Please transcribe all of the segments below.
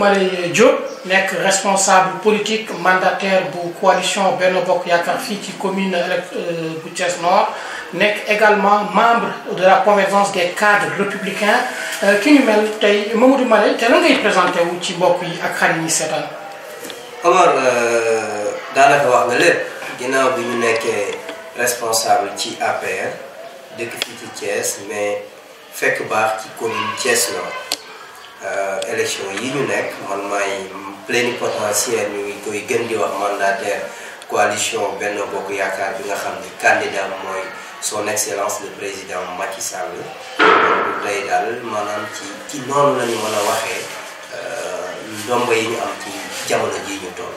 Malé Diop nek responsable politique mandataire pour coalition Benno Bokk Yaakaar qui ci commune euh, bu Thiès Nord nek également membre de la convergence des cadres républicains qui euh, nous mel tey Mamadou Mary te la ngay présenté wu ci mbokk yi ak xarit yi seetaan. Omar euh, daanaka wax bi ñu responsable ci APR dëkk ci mais fekk baax ci commune Thiès Nord. Euh, élection yi ñu nekk man maay plénipotentiaire ñu ngi koy gën di wax mandataire coalition benn Bokk Yaakaar bi nga xam ni candidat mooy son excellence le président Macky Sall tey daal maanaam ci ci noonu la ñu mën a waxee euh, ndomba yi ñu am ci jamono ji ñu toll.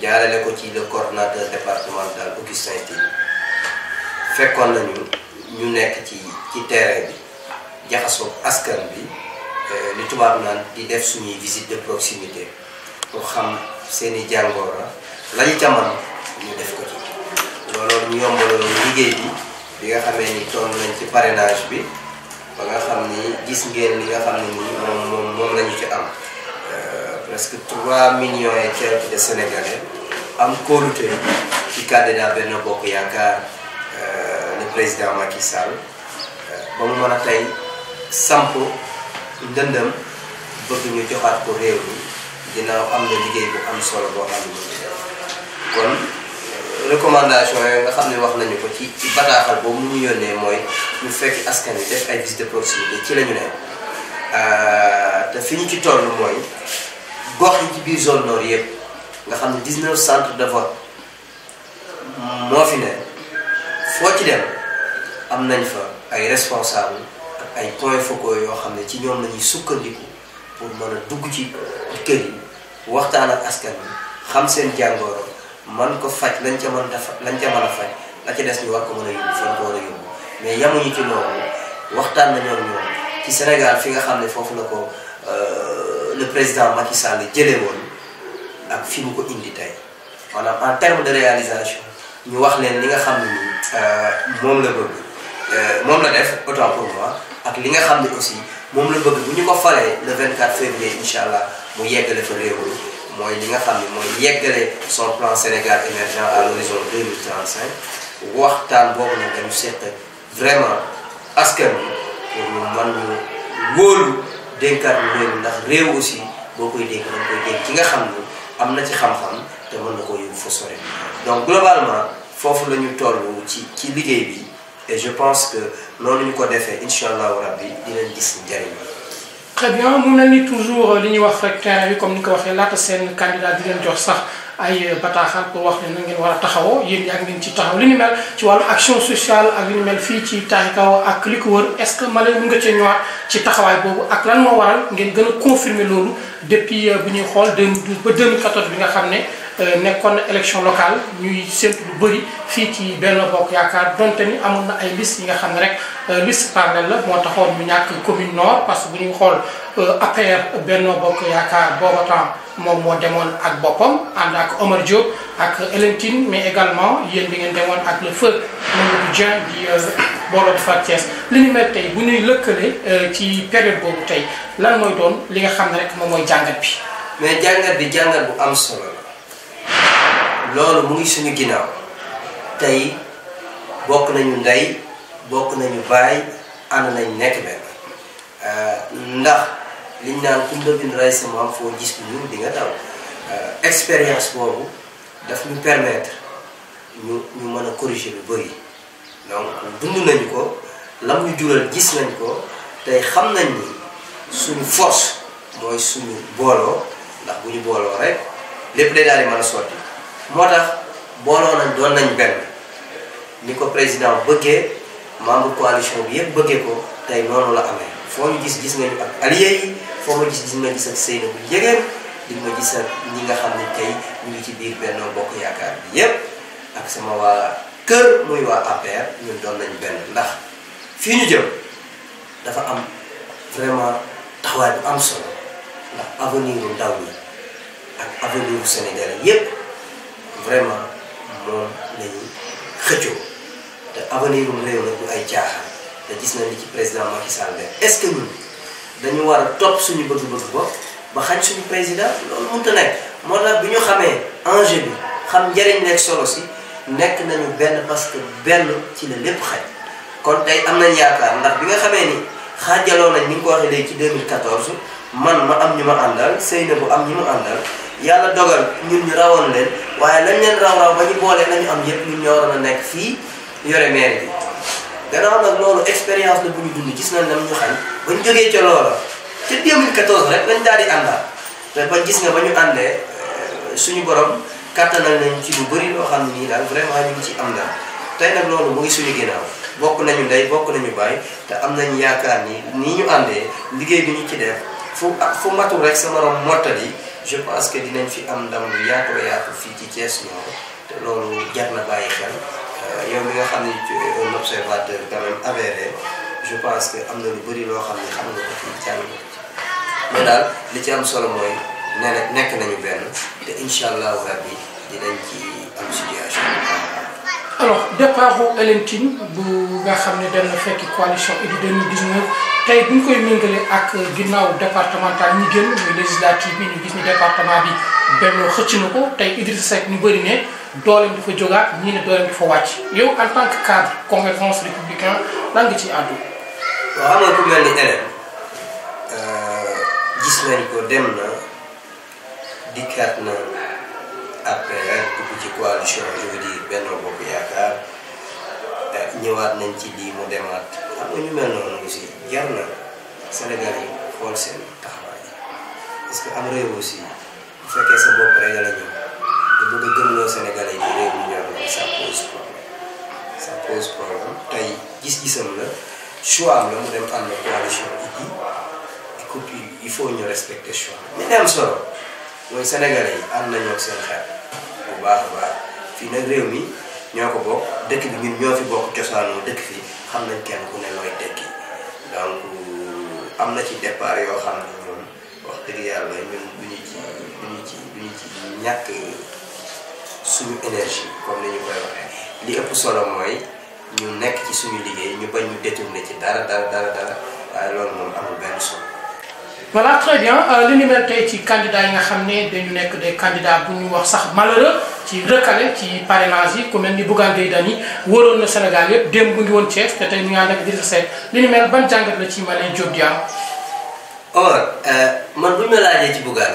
jaarale ko ci le coordonnateur départemental Augustin sayti fekkoon nañu ñu nekk ci ci terrain bi jaxasoo askan bi euh, li tubaab naan di def suñuy visite de proximité pour xam seeni jàngoora lañu ca mën ñu def ko ci loolu ñu yombaloon liggéey bi bi nga xamee ni toll nañ ci parrainage bi ba nga xam ni gis ngeen li nga xam ni moom moom moom lañu ci am parce que trois millions et quelques de Sénégalais am kóolute ci candidat Benno Bokk Yaakaar euh, le président Macky euh, ba mu mën a tey samp ndëndam bëgg ñu joxaat ko réew bi ginnaaw am na liggéey bu am solo boo xam ne kon recommandation yooyu nga xam ne wax nañu ko ci ci bataaxal boobu mu ñu yónnee mooy ñu fekk askan wi def ay visite de ci lañu ñu ne euh, te fi ñu ci toll mooy gox yi ci biir zone nord yëpp nga xam ne 19 centres de vote moo fi ne foo ci dem am nañ fa ay responsable ay points focaux yoo xam ne ci ñoom la ñuy sukkandiku pour mën a dugg ci kër yi waxtaan ak askan bi xam seen jàngoro man ko faj lañ ca mën a fa lañ ca mën des ñu war ko mën a yóbbu fan ko war mais yamuñu ci loolu waxtaan nañoo ñoom ci Sénégal fi nga xam ne foofu la ko. Euh, le président Macky Sall jëlé woon ak fi mu ko indi tay maanaam en terme de réalisation ñu wax leen li nga xam ne nii euh, moom la bëgg euh, mom la def autant pour moi ak li nga xam aussi mom la bëgg bu ñu ko falé le 24 février Inshallah, mu yeggale fa réew moy li nga xam ne mooy yeggale son plan Sénégal émergent à l'horizon 2035 waxtaan boobu nag dañu seq vraiment askan pour ñu mën ñu wóolu dénkaat ñu ndax réew aussi boo koy dénk dañ koy dénk ci nga xam ne am na ci xam-xam te mën na ko yóbbu fa sore donc globalement foofu la ñu toll ci ci liggéey bi et je pense que noonu ñu ko defee incha allahu rabbi dinañ gis njëriñ très bien mu mel ni toujours li ñuy wax rek terrain bi comme ni ko waxee laata seen candidat di leen jox sax ay bataaxal pour wax ne na ngeen war a taxawoo yéen yaa ngeen ci taxaw li ni mel ci wàllu action sociale ak li ni mel fii ci Taaxi Kaw ak li ko wër est-ce que Malem mu nga ca ñëwaat ci taxawaay boobu ak lan moo waral ngeen gën a confirmer loolu depuis euh, bu ñuy xool du ba 2014 bi nga xam ne euh, nekkoon na élection locale ñuy séntu bëri fii ci benn bokk yaakaar donte ni amoon na ay liste yi nga xam ne rek euh, liste parallèle la moo taxoon ñu ñàkk commune nord parce que bu ñuy xool euh, APR benn bokk yaakaar booba temps moom moo demoon ak boppam ànd ak Omar Diop ak Elentine mais également yéen bi ngeen demoon ak le feu Mamadou Dieng di euh, booloo Far Thiès li ñu mel tey bu ñuy lëkkale ci période boobu tey lan mooy doon li nga xam ne rek moom mooy jàngat bi. mais jàngat bi jàngat bu am solo la loolu mu ngi suñu ginnaaw. tey bokk nañu ndey bokk nañu baay ànd nañ nekk benn euh, ndax liñ naan kum dëbbin rey sa maam foo gis ku ñuul di nga daw euh, expérience boobu daf ñu permettre ñu ñu mën a corriger lu bëri donc dund nañu ko lam ñu jural gis nañ ko tey xam nañ ni suñu force mooy suñu booloo ndax bu ñu booloo rek lépp day daal di mën a sotti moo tax booloo nañ doon nañ benn ni ko président bëggee membre coalition bi yëpp bëggee ko tey noonu la amee foo ñu gis gis nga ni ak allié yi foo ma gis di nga gis ak Seydou bu Jegeen di nga gis ak ñi nga xam ne tey ñu ngi ci biir benn Bokk Yaakaar bi yëpp ak sama waa kër muy waa APR ñun doon nañ benn ndax fii ñu jëm dafa am vraiment taxawaay bu am solo ndax avenir u ndaw ñi ak avenir u Sénégal yëpp vraiment moom la xëccoo. te avenir um réew la du ay caaxaan te gis na li ci président Macky Sall est ñun dañu war a topp suñu bëgg-bëgg bopp ba xañ suñu président loolu mënta nekk moo tax bi ñu xamee enjeu bi xam njëriñ nekk solo si nekk nañu benn parce que benn ci la lépp xaj kon tey am nañ yaakaar ndax bi nga xamee ni xaajaloo nañ ni nga ko waxee léegi ci 2014 man ma am ñu ma àndal sëy na bu am ñu ma àndal yàlla dogal ñun ñu rawoon leen waaye lañ leen raw raw ba ñu am yëpp ñun ñoo waroon nekk fii yore maire bi gannaaw nag loolu expérience la bu ñu dund gis nañ lam ñu xañ bañ jógee ca loola ca 2014 rek lañ daal di àndaat te ba gis nga ba ñu àndee euh, suñu borom kàttanal nañ ci lu bëri loo xam ne nii daal vraiment ñu ngi ci am daal tey nag loolu mu ngi suñu ginnaaw bokk nañu ndey bokk nañu bàyyi te am yaakaar ni nii ñu àndee liggéey bi ñu ci def fu ak fu matul rek sa morom mottali je pense que dinañ fi am ndam lu yaatu yaatu fii ci Thiès ñoo te loolu jar na bàyyi xel Euh, yow nga xam ne tu es un observateur quand même avéré je pense que am na lu bëri loo xam ne xam nga ko fii jàng mais daal li ci am solo mooy nee na nekk nañu benn te incha allahu rabbi dinañ ci am situation alors départ bu Elentine bu nga xam ne dem na fekki coalition Idy 2019 tey bu ñu koy méngale ak ginnaaw départemental ñu génn muy législative bi ñu gis ni département bi benn xëcc na ko tey Idrissa Seck ñu bëri ne dooleem dafa jógaat ñii ne dooleem dafa wàcc yow en tant que cadre convergence républicain lan nga àddu. waaw xam nga ku mel ni LN euh, gis nañ ko dem na dikkaat na après dugg ci coalition je veux dire benn bopp yaakaar euh, ñëwaat nañ ci lii mu demaat xam nga ñu mel noonu aussi jar na Sénégal yi xool seen taxawaay parce am réew aussi. fekkee sa bopp rek la ñu te bëgg gis-gisam la am la mu dem ànd ak ñu respecter choix li ñu am solo mooy Sénégalais yi ànd nañoo ak seen xel bu baax baax fii nag réew mi ñoo ko bokk dëkk bi ñun ñoo fi bokk cosaanoo dëkk fi xam nañ kenn ku ne looy tekki donc am na ci départ yoo xam ne ñoom wax dëgg yàlla ñun. ñàkk suñu énergie comme ni ñu koy waxee li ëpp solo mooy ñu nekk ci suñu liggéey ñu bañ ñu détourné ci dara dara dara dara waaye loolu moom amul benn solo. voilà très li ni mel tey ci candidats yi nga xam ne dañu nekk des candidats bu ñu wax sax malheureux ci recalé ci parrainage yi ku mel ni Bougane Gueye Dany wóoroon na Sénégal yëpp démb bu ngi woon Thiès te tey ñu naan ak Idrissa Seck li ni mel ban jàngat la ci Malène Diop di or euh, man bu ñu la laajee ci Bougane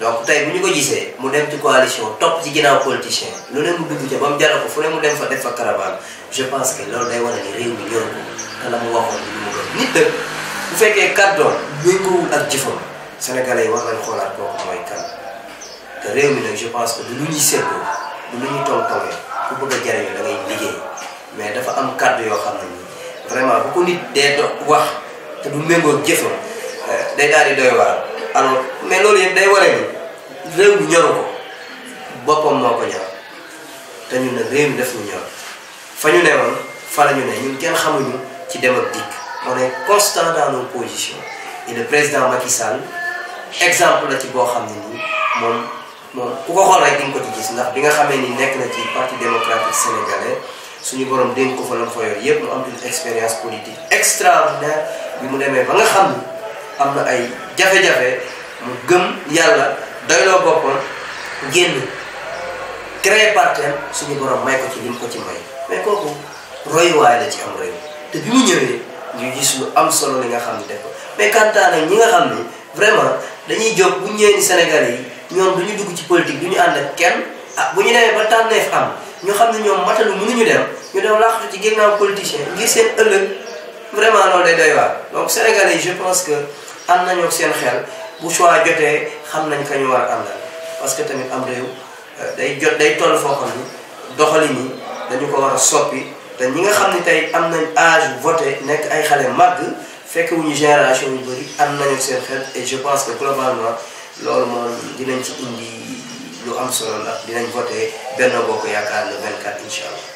donc tey bu ñu ko gisee mu dem ci coalition topp ci ginnaaw politicien lu ne mu dugg ca ba mu jaral ko fu ne mu dem fa def fa caravane je pense que loolu day wane ni réew mi ñor ko te la mu waxoon ni mu doon nit dëgg bu fekkee kàddoom méngoowul ak jëfam sénégalais yi war nañ xoolaat kooku mooy kan te mi nag je pense que du lu ñuy seetloo du lu ñuy toltawee ku bëgg a jariñu da liggéey mais dafa am kàddu yoo xam ne nii vraiment bu ko nit dee do wax te du méngoo jëfam euh, day daal di doy alors mais loolu yëpp day waree ni réew mi ñoru ko boppam moo ko ñor te ñu ne réew mi def ñu fa ñu ne woon fa la ñu ne ñun kenn xamuñu ci dem ak dikk on est constant dans nos positions président Macky Sall exemple la ci boo xam ne nii moom moom ku ko xool rek di ko ci gis ndax bi nga xam ne ni nekk na ci parti démocratique sénégalais suñu boroom dénk ko fa la mu fa yor yëpp mu am une expérience politique extraordinaire bi mu demee ba nga xam ni am na ay jafe-jafe mu gëm yàlla doyloo boppam génn créé parteem suñu borom may ko ci lim ko ci may mais kooku royuwaay la ci am réew te bi mu ñëwee ñu gis lu am solo li nga xam ne def ko mais ñi nga xam ni vraiment dañuy jóg bu ñu ñëwee yi ñoom du ñu dugg ci politique du ñu ànd ak kenn ah bu ñu demee ba tànneef am ñu xam ne ñoom matalu mënuñu dem ñu dem laaxatu ci ginnaaw politicien ngir seen ëllëg vraiment loolu de doy waar donc Sénégalais yi je pense que am nañu seen xel bu choix jotee xam nañ kañu war a àndal parce que tamit am réew euh, day jot day toll foo xam doxalin yi dañu ko war a soppi te ñi nga xam ni tey am nañ âge voté nekk ay xale màgg fekk wuñu génération yu bëri am nañu seen xel et je pense que globalement loolu moom dinañ ci indi lu am solo ndax dinañ voté benn bokk yaakaar le 24 incha allah.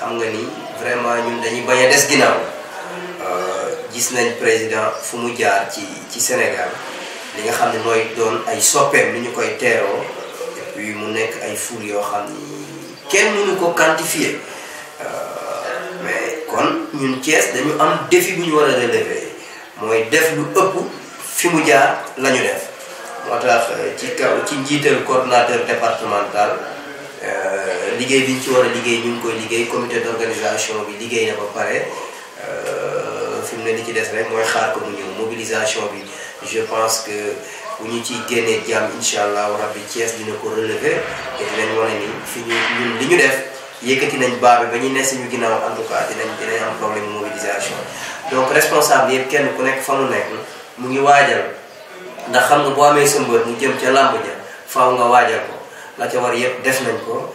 xam nga ni vraiment ñun dañuy bañ a des ginnaaw euh, gis nañ président fu mu jaar ci ci Sénégal li nga xam ne mooy doon ay soppeem ni ñu koy teeroo et mu nekk ay foule yoo xam ni kenn mënu ko quantifier euh, mais kon ñun Thiès dañu am défi bu ñu war a relever mooy def lu ëpp fi mu jaar la def moo tax euh, ci kaw ci njiital coordonnateur départemental. liggéey bi ñu ci war a liggéey ñu ngi koy liggéey comité d'organisation bi liggéey na ba pare euh, fi mu ne li ci des rek mooy xaar ko mu ñëw mobilisation bi je pense que bu ñu ciy génnee jàmm incha allah rabbi Thiès dina ko relever te dinañ wane ni li ñu def yëkkati nañ baabe ba ne suñu ginnaaw en tout cas dinañ dinañ am problème mobilisation donc responsable yëpp kenn ku nekk fa mu mu ngi waajal ndax xam nga boo amee sa mbër mu jëm ca làmb ja nga waajal ko la ca war yëpp def nañ ko.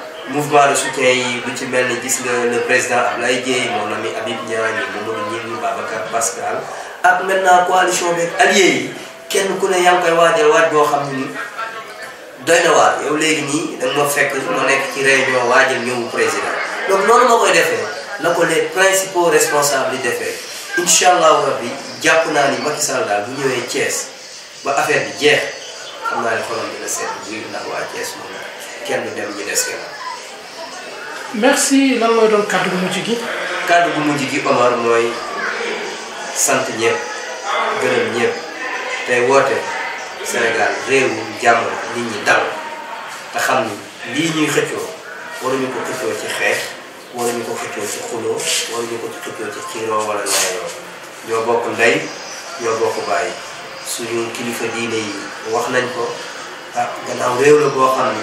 mouvement de soutien yi lu ci mel ni gis nga le président Ablaye Dièye mon ami Habib Niagne Mamadou Ngingue Babacar Pascal ak maintenant coalition beeg allié yi kenn ku ne yaa ngi koy waajal waaj boo xam ni doy na waar yow léegi nii da nga ma fekk ma nekk ci réunion waajal ñëwu président donc noonu ma koy defee la ko les principaux responsables yi defee incha allahu rabbi jàpp naa ni Macky Sall daal bu ñëwee Thiès ba affaire bi jeex xam naa ne xolam dina seet bu ndax waa Thiès moom kenn du dem ñu des kenn. merci lan mooy doon kàddu gu mujj gi. kàddu gu mujj gi Omar mooy sant ñëpp gërëm ñëpp tey woote Sénégal réewu jàmm nit ñi dal te xam ni lii ñuy xëccoo waruñu ko xëccoo ci xeex waruñu ko xëccoo ci xuloo waruñu ko xëccoo ci xiiroo wala naayoo ñoo bokk ndey ñoo bokk bàyyi suñu kilifa diine yi wax nañ ko ah gannaaw réew la boo xam ni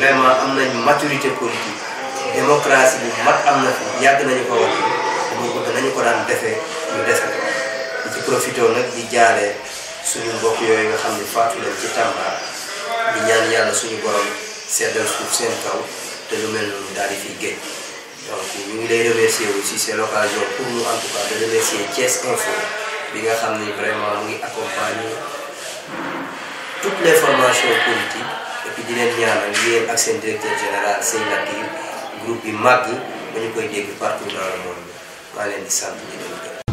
vraiment am nañ maturité politique. démocratie bi mat am na fi yàgg nañu ko daan defee ñu def ko ci profité nag di jaaree suñu mbokk yooyu nga xam ne faatu leen ci Tamba di ñaan yàlla suñu borom seddal suuf seen kaw te lu mel noonu daal di fiy géej donc ñu ngi lay remercier aussi c'est l'occasion pour nous en tout cas de bi nga xam ni vraiment mu ngi accompagner toutes les formations politiques et puis di leen ñaanal yéen ak seen directeur général Seyni Latir groupe bi màgg ba ñu koy dégg partout dans le monde maa leen di sant di leen gërëm